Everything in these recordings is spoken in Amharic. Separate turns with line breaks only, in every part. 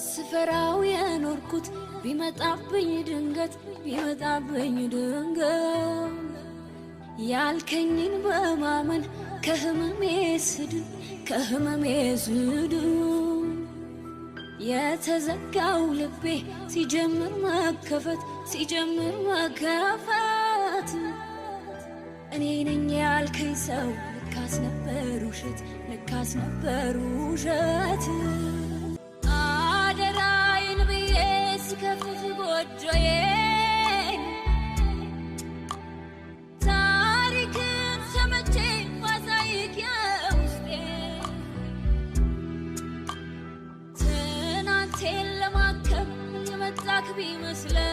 ስፈራው የኖርኩት ቢመጣብኝ ድንገት ቢመጣብኝ ድንገት ያልከኝን በማመን ከህመሜ ስድን ከህመሜ ስድን የተዘጋው ልቤ ሲጀምር መከፈት ሲጀምር መከፈት እኔ ነኝ ያልከኝ ሰው ልካስ ነበር ውሸት ልካስ ነበር ውሸት ስከፍት ጎጆዬን ታሪክን ሰምቼ ማሳይክ የውስጤ ትናንቴን ለማከም የመጣክ ቢመስለኝ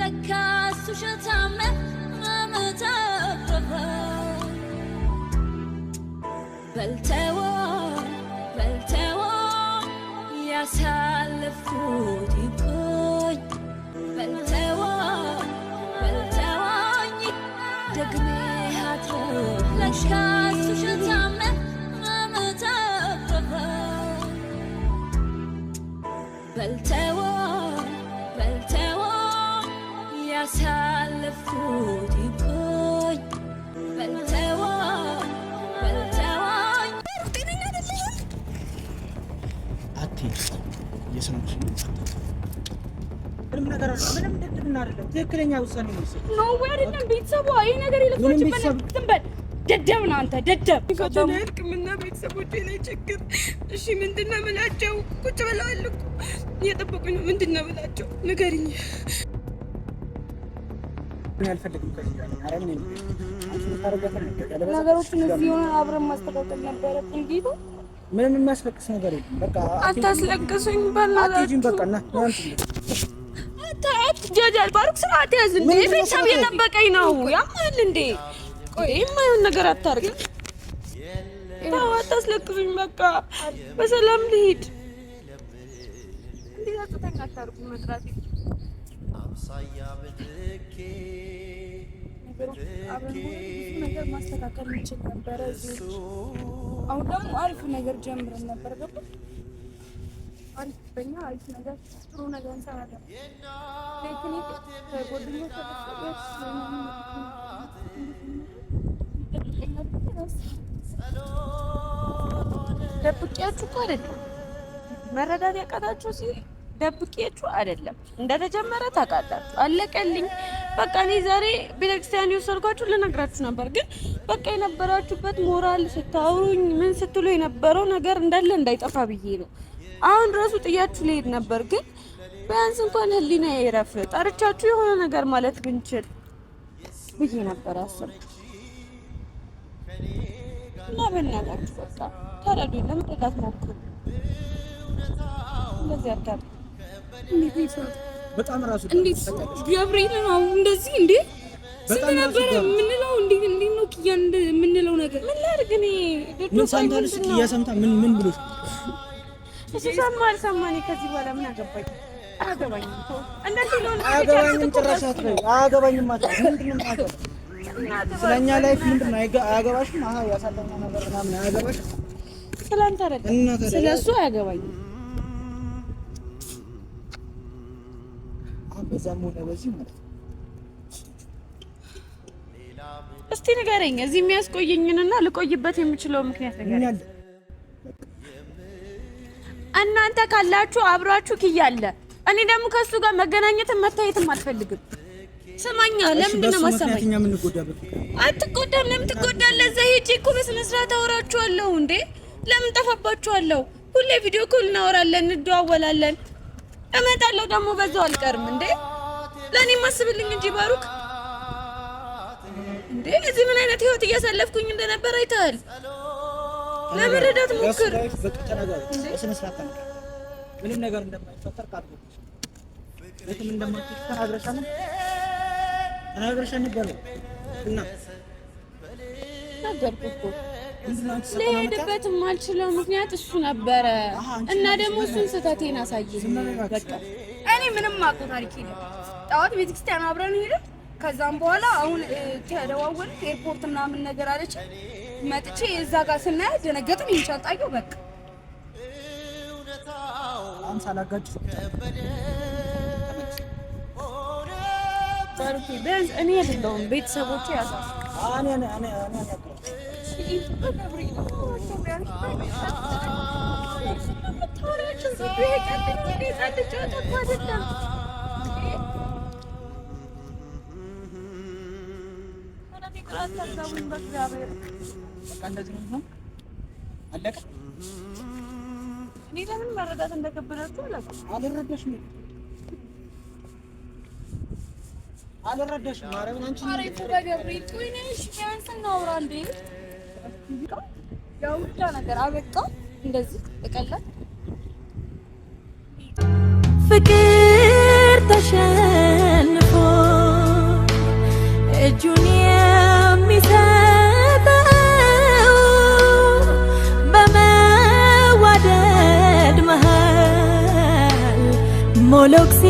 ለካስ ውሸታምህ መመተፈፈ በልተው ያሳለፍኩት ይብቆኝ በልተወኝ በልተወኝ ያሳለፍኩት ይብቆኝ
ምንም ነገር ምንም ድብድብና አይደለም። ትክክለኛ
ውሳኔ ነው። ኖ ወይ አይደለም። ቤተሰቡ ይሄ ነገር የለፋችበት ዝም በል ደደብ ነው አንተ ደደብ።
ሕክምና ቤተሰቦች ላይ ችግር እሺ፣ ምንድን ነው የምላቸው? ቁጭ ብለዋል እኮ እየጠበቁኝ ነው። ምንድን ነው የምላቸው? ንገሪኝ።
ነገሮችን እዚህ ሆነ አብረን ማስተካከል ነበረብን ጌታ
ምንም የሚያስለቅስ ነገር የለም። በቃ
አታስለቅሱኝ። በእናትህ በቃ እና አትጃጃል። ባሩክ ስርዓት ያዝ እንዴ! ቤተሰብ የጠበቀኝ ነው። ያማል እንዴ! ቆይ የማይሆን ነገር አታርግ። አታስለቅሱኝ። በቃ በሰላም ልሂድ። አጥተን አታርጉ መጥራት ነገር ማስተካከል እንችል ነበረ። አሁን ደግሞ አሪፍ ነገር ጀምረን ነበር። ገባ አሪፍ በኛ አሪፍ ነገር ጥሩ ነገር እንሰራለን። ደብቄያችሁ እኮ አይደለም መረዳት ያቃታችሁ ሲ ደብቄያችሁ አይደለም እንደተጀመረ ታውቃላችሁ። አለቀልኝ በቃ እኔ ዛሬ ቤተክርስቲያን የወሰድኳችሁ ልነግራችሁ ነበር፣ ግን በቃ የነበራችሁበት ሞራል ስታውሩኝ ምን ስትሉ የነበረው ነገር እንዳለ እንዳይጠፋ ብዬ ነው። አሁን ድረሱ ጥያችሁ ልሄድ ነበር፣ ግን ቢያንስ እንኳን ህሊና ይረፍ ጠርቻችሁ የሆነ ነገር ማለት ብንችል ብዬ ነበር አስብ እና በእናታችሁ በቃ ተረዱኝ፣ ለመጠጣት ሞክሩ። እንደዚህ አታ አታድርጉ። በጣም ራሱ እንዴት ገብርኤል ነው እንደዚህ እንዴ ስለነበረ የምንለው እንዴ እንዴ ነው ኪያ የምንለው ነገር ምን ላድርግ እኔ ምን
ሳንታልስ ኪያ ሰምታ ምን ምን ብሎሽ
እሺ ሰማን ሰማን ከዚህ በኋላ ምን አገባኝ አያገባኝም እንደዚህ ነው አያገባኝም
ጭራሽ አትበይ አያገባኝም ማለት ምንድነው ማለት ስለኛ ላይፍ ነው? አያገባሽም አሃ ያሳለፈ ነገር ምናምን አያገባሽም
ስለአንተ አይደለም ስለሱ አያገባኝም
በዛም ሆነ በዚህ ማለት ነው።
እስቲ ንገረኝ፣ እዚህ የሚያስቆየኝንና ልቆይበት የምችለው ምክንያት ንገረኝ። እናንተ ካላችሁ አብራችሁ ክያለ እኔ ደግሞ ከእሱ ጋር መገናኘትን መታየትም አልፈልግም። ስማኛ፣ ለምንድን ነው መሰማኝ? አትጎዳም? ለምን ትጎዳለህ? እዛ ሂጅ እኮ በስነ ስርዓት አወራችኋለሁ እንዴ። ለምን ጠፋባችኋለሁ? ሁሌ ቪዲዮ ኮል እናወራለን፣ እንደዋወላለን እመጣለሁ ደግሞ በዛው አልቀርም እንዴ። ለእኔ ማስብልኝ እንጂ ባሩክ እንዴ። እዚህ ምን አይነት ህይወት እያሳለፍኩኝ እንደነበር አይተሃል። ለመረዳት ሞክር።
ምንም ነገር እንደማይፈጠር ተናግረሻል ነበረ እና
ነገርኩህ እኮ ለሄድበትም አልችለው ምክንያት እሱ ነበረ እና ደግሞ እሱን ስህተቴን አሳየኝ። በቃ እኔ ምንም አቆ ታሪክ ነው። ጠዋት ቤተክርስቲያን አብረን ሄድን። ከዛም በኋላ አሁን ተደዋወል ኤርፖርት ምናምን ነገር አለች። መጥቼ እዛ ጋር ስናያት ደነገጥን። ይንቻጣዩ በቃ እኔ አይደለሁም ቤተሰቦቼ ያዛ እኔ ለምን መረዳት እንደከበዳችሁ አልረዳሽም።
አልረዳሽም። ማርያምን አንቺ
ኧረ ይፉ በገብርኤል ቆይ ነሽ ቢያንስ እናውራ እንዴ
ፍቅር ተሸንፎ እጁን የሚሰጠው በመዋደድ መሃል ሞሎክስ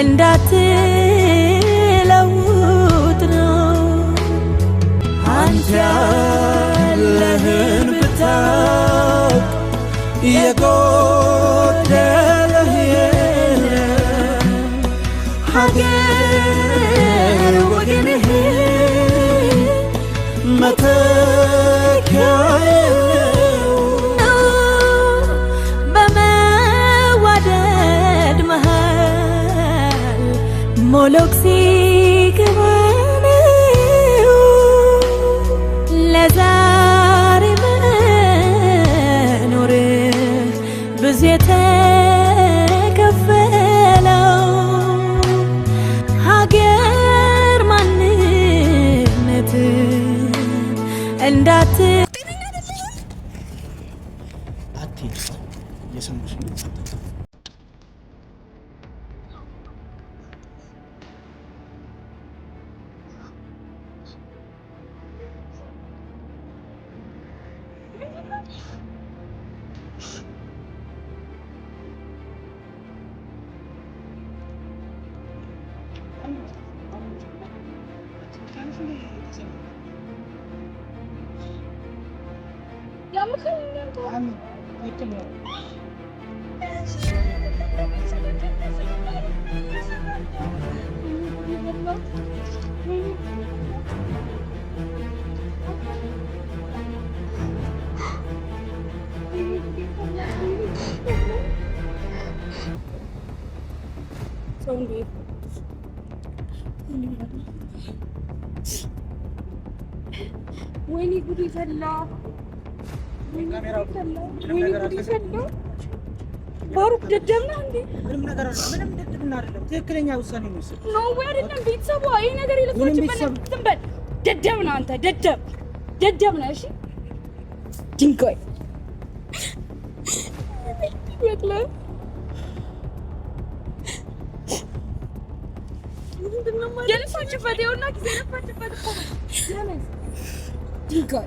እንዳትለውጥ ነው አንተ ያለህን ብታውቅ የጎ ሞሎክ ሲገባነው ለዛሬ መኖር ብዙ የተከፈለው ሀገር ማንነት እንዳት
আমি দেখতে পাবো Zombie. ወይኔ ጉድ ይፈላ ባሩክ ደደብ ነህ እንዴ? ምንም
ነገር አለ። ምንም አይደለም። ትክክለኛ
ውሳኔ ነው ኖ ወይ አይደለም። ቤተሰቡ ይሄ ነገር ዝም በል። ደደብ ነህ አንተ። ደደብ ደደብ ነህ። እሺ ድንጋይ ጊዜ ድንጋይ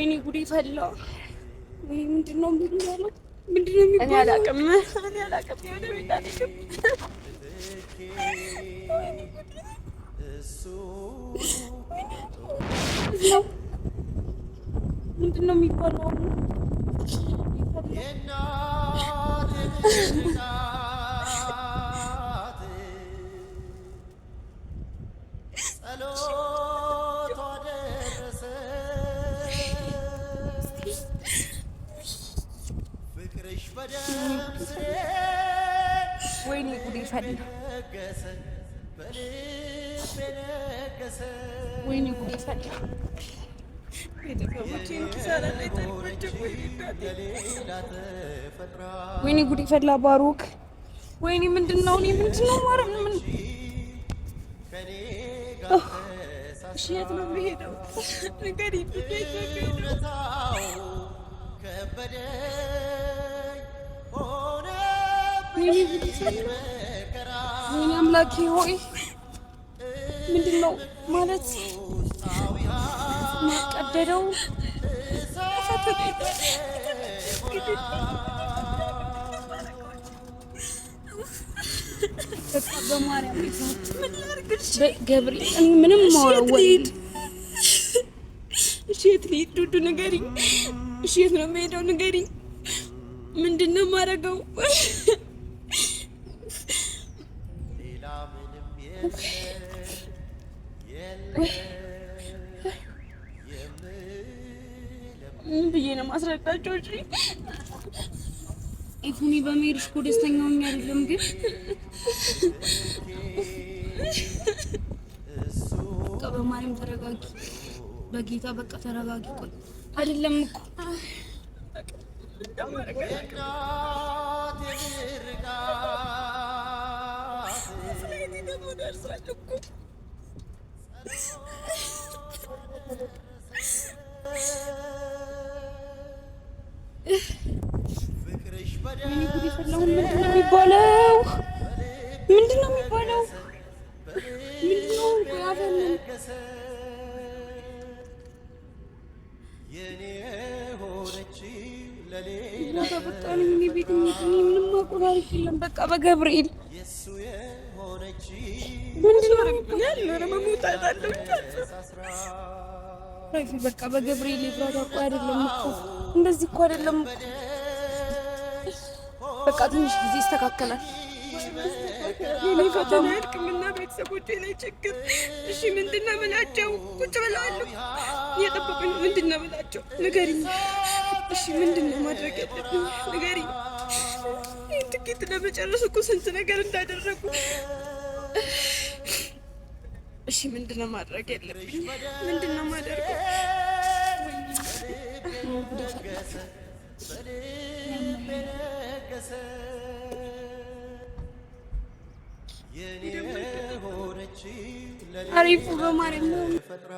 ወይኔ ጉዴ ፈላ። ወይ ምንድን ነው የሚሉት? ምንድን ነው የሚሉት? እኔ አላውቅም፣ እኔ አላውቅም። ምንድን ነው የሚባለው? አለ። ወይኔ ጉዴ ፈላ። ወይኔ ጉዴ ፈላ። ባሩክ ወይኔ ምንድን ነው? እኔ ምንድን ነው ማርያም ምን ሽየት ነው የሚሄደው ነገር ወይኔ አምላኬ ሆይ ምንድን ነው ማለት ማቀደደው ገብርኤል ምንም ማውራው ወይድ እሺ፣ ልሂድ? ዱዱ ንገሪኝ። እሺ፣ ነው የምሄደው? ንገሪኝ። ምንድን ነው የማደርገው? ሰጣቸው እሺ ኤፉኒ በመሄድሽ እኮ ደስተኛ ሆኜ አይደለም ግን በቃ በማርያም ተረጋጊ በጌታ በቃ ተረጋጊ ቆይ አይደለም እኮ ደርሷቸው እኮ ምንድን ነው የሚባለው? ምንድን ነው የሚባለው? ምንድን ነው ምንም በቃ በገብርኤል በቃ በገብርኤል ይብራዳ። እኮ አይደለም እኮ እንደዚህ እኮ አይደለም እኮ በቃ ትንሽ ጊዜ ይስተካከላል።
የኔ ፈተና ያልቅምና ቤተሰቦች ላይ ችግር እሺ፣ ምንድን ነው የምላቸው? ቁጭ ብለዋለሁ እየጠበቁኝ። ምንድን ነው የምላቸው? ንገሪኝ። እሺ፣ ምንድን ነው ማድረግ ያለብኝ? ንገሪኝ። ትኬት ለመጨረስ እኮ ስንት ነገር እንዳደረጉ። እሺ፣ ምንድን ነው ማድረግ ያለብኝ? ምንድን ነው ማደርገው? ደረሰ
አሪፉ በማርያም ፈጥራ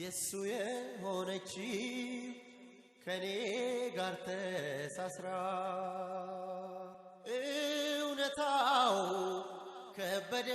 የሱ የሆነች
ከኔ ጋር ተሳስራ እውነታው ከበደ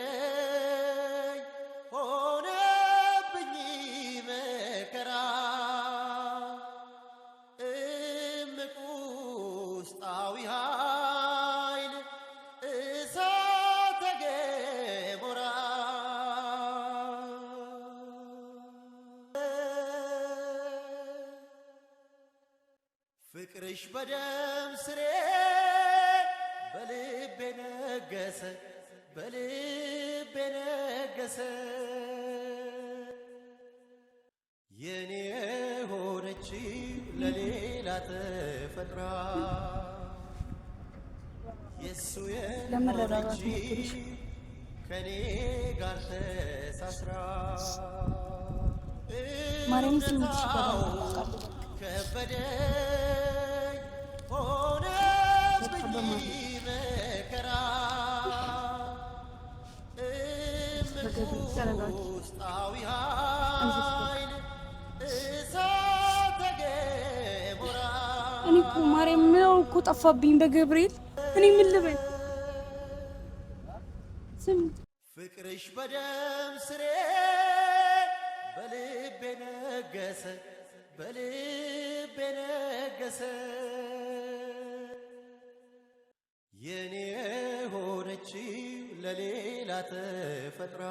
ፍቅርሽ በደም ስሬ በልቤ ነገሰ በልቤ ነገሰ የኔ ሆነች ለሌላ ተፈጥራ የሱ የሆነች ከኔ ጋር ተሳስራ ማርያም ከበደ እኔ
እኮ ማርያም ነው እኮ ጠፋብኝ በገብርኤል እኔ ምን ልበል?
ፍቅርሽ በደም ስሬ በልቤ ነገሰ በልቤ ነገሰ የኔ ሆነችው ለሌላ ተፈጥራ